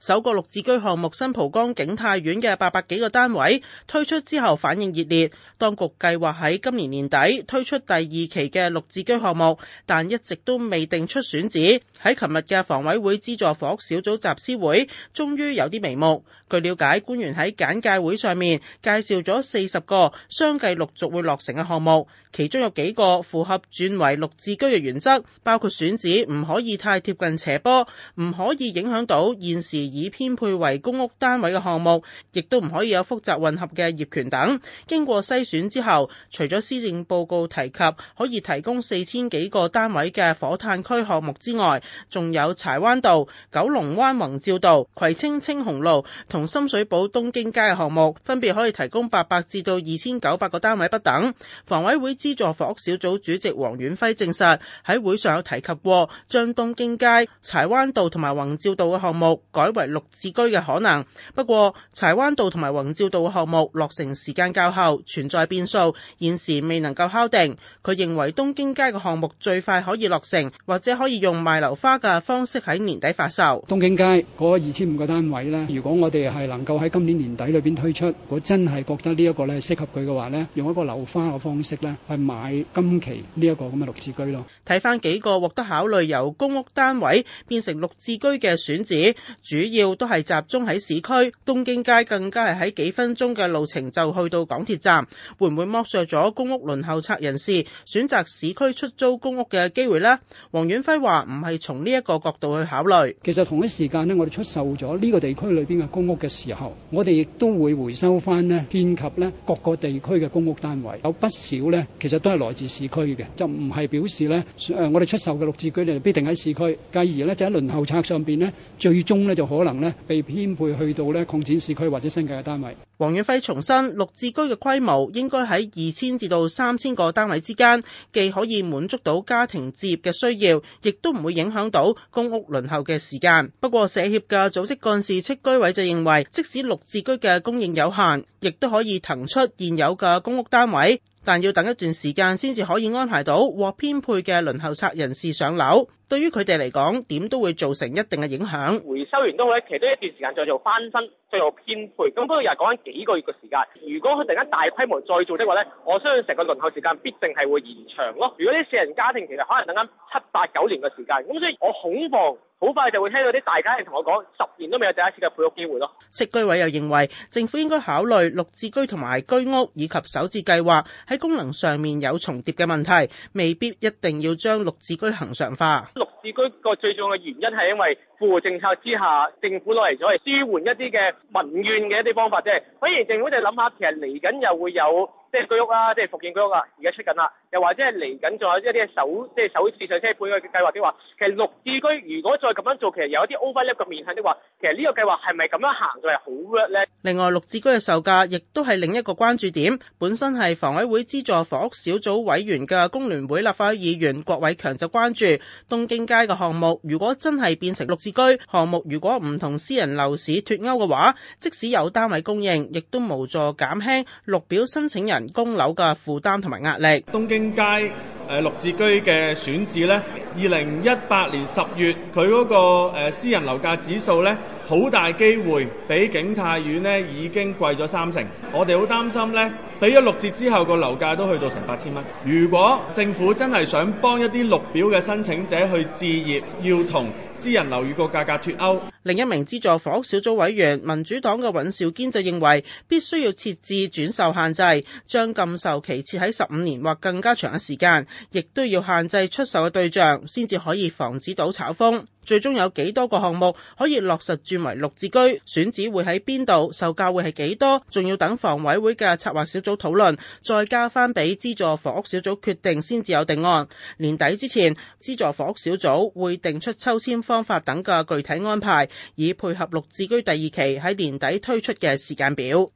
首個綠置居項目新蒲崗景泰苑嘅八百幾個單位推出之後反應熱烈，當局計劃喺今年年底推出第二期嘅綠置居項目，但一直都未定出選址。喺琴日嘅房委會資助房屋小組集思會，終於有啲眉目。據了解，官員喺簡介會上面介紹咗四十個相繼陸續會落成嘅項目，其中有幾個符合轉為綠置居嘅原則，包括選址唔可以太貼近斜坡，唔可以影響到現時，以編配為公屋單位嘅項目，亦都唔可以有複雜混合嘅業權等。經過篩選之後，除咗施政報告提及可以提供四千幾個單位嘅火炭區項目之外，仲有柴灣道、九龍灣宏照道、葵青青宏路同深水埗東京街嘅項目，分別可以提供八百至到二千九百個單位不等。房委會資助房屋小組主席黃遠輝證實喺會上有提及過，將東京街、柴灣道同埋宏照道嘅項目改為，綠置居嘅可能，不過柴灣道同埋宏照道嘅項目落成時間較後，存在變數，現時未能夠敲定。佢認為東京街嘅項目最快可以落成，或者可以用賣樓花嘅方式喺年底發售。東京街嗰二千五個單位呢，如果我哋係能夠喺今年年底裏邊推出，如果真係覺得呢一個咧適合佢嘅話呢，用一個樓花嘅方式呢去買今期呢一個咁嘅綠置居咯。睇翻幾個獲得考慮由公屋單位變成綠置居嘅選址，主。要都係集中喺市區，東京街更加係喺幾分鐘嘅路程就去到港鐵站，會唔會剝削咗公屋輪候冊人士選擇市區出租公屋嘅機會咧？黃遠輝話唔係從呢一個角度去考慮。其實同一時間咧，我哋出售咗呢個地區裏邊嘅公屋嘅時候，我哋亦都會回收翻咧，遍及咧各個地區嘅公屋單位，有不少咧，其實都係來自市區嘅，就唔係表示咧誒，我哋出售嘅綠置居咧必定喺市區，繼而咧就喺輪候冊上邊咧，最終咧就可。可能呢，被編配去到呢擴展市區或者新界嘅單位。黃遠輝重申，綠置居嘅規模應該喺二千至到三千個單位之間，既可以滿足到家庭置業嘅需要，亦都唔會影響到公屋輪候嘅時間。不過社協嘅組織幹事戚居委就認為，即使綠置居嘅供應有限，亦都可以騰出現有嘅公屋單位。但要等一段時間先至可以安排到獲編配嘅輪候冊人士上樓，對於佢哋嚟講，點都會造成一定嘅影響。回收完都好咧，其實都一段時間再做翻新，再做編配，咁不過又係講緊幾個月嘅時間。如果佢突然間大規模再做的話咧，我相信成個輪候時間必定係會延長咯。如果啲四人家庭其實可能等緊七八九年嘅時間，咁所以我恐慌。好快就會聽到啲大家人同我講，十年都未有第一次嘅配屋機會咯。食居委又認為，政府應該考慮綠置居同埋居屋以及首置計劃喺功能上面有重疊嘅問題，未必一定要將綠置居恒常化。綠置居個最重要嘅原因係因為富戶政策之下，政府攞嚟咗嚟舒緩一啲嘅民怨嘅一啲方法啫。反而政府就諗下，其實嚟緊又會有。即係居屋啊，即係復建居屋啊，而家出緊啦，又或者係嚟緊，仲有一啲首，即係首次上車盤嘅計劃的話，其實綠置居如果再咁樣做，其實有一啲 overlap 嘅面向的話，其實呢個計劃係咪咁樣行就係好 work 呢？另外，綠置居嘅售價亦都係另一個關注點。本身係房委會資助房屋小組委員嘅工聯會立法會議員郭偉強就關注東京街嘅項目，如果真係變成綠置居項目，如果唔同私人樓市脫鈎嘅話，即使有單位供應，亦都無助減輕綠表申請人供樓嘅負擔同埋壓力。東京街誒綠置居嘅選址咧，二零一八年十月佢嗰個誒私人樓價指數咧，好大機會比景泰苑咧已經貴咗三成。我哋好擔心咧。俾咗六折之後，個樓價都去到成八千蚊。如果政府真係想幫一啲綠表嘅申請者去置業，要同私人樓宇個價格脫鈎。另一名資助房屋小組委員民主黨嘅尹兆堅就認為，必須要設置轉售限制，將禁售期設喺十五年或更加長嘅時間，亦都要限制出售嘅對象，先至可以防止倒炒風。最終有幾多個項目可以落實轉為綠置居？選址會喺邊度？售價會係幾多？仲要等房委會嘅策劃小組。討論再交翻俾資助房屋小組決定先至有定案。年底之前，資助房屋小組會定出抽籤方法等嘅具體安排，以配合綠置居第二期喺年底推出嘅時間表。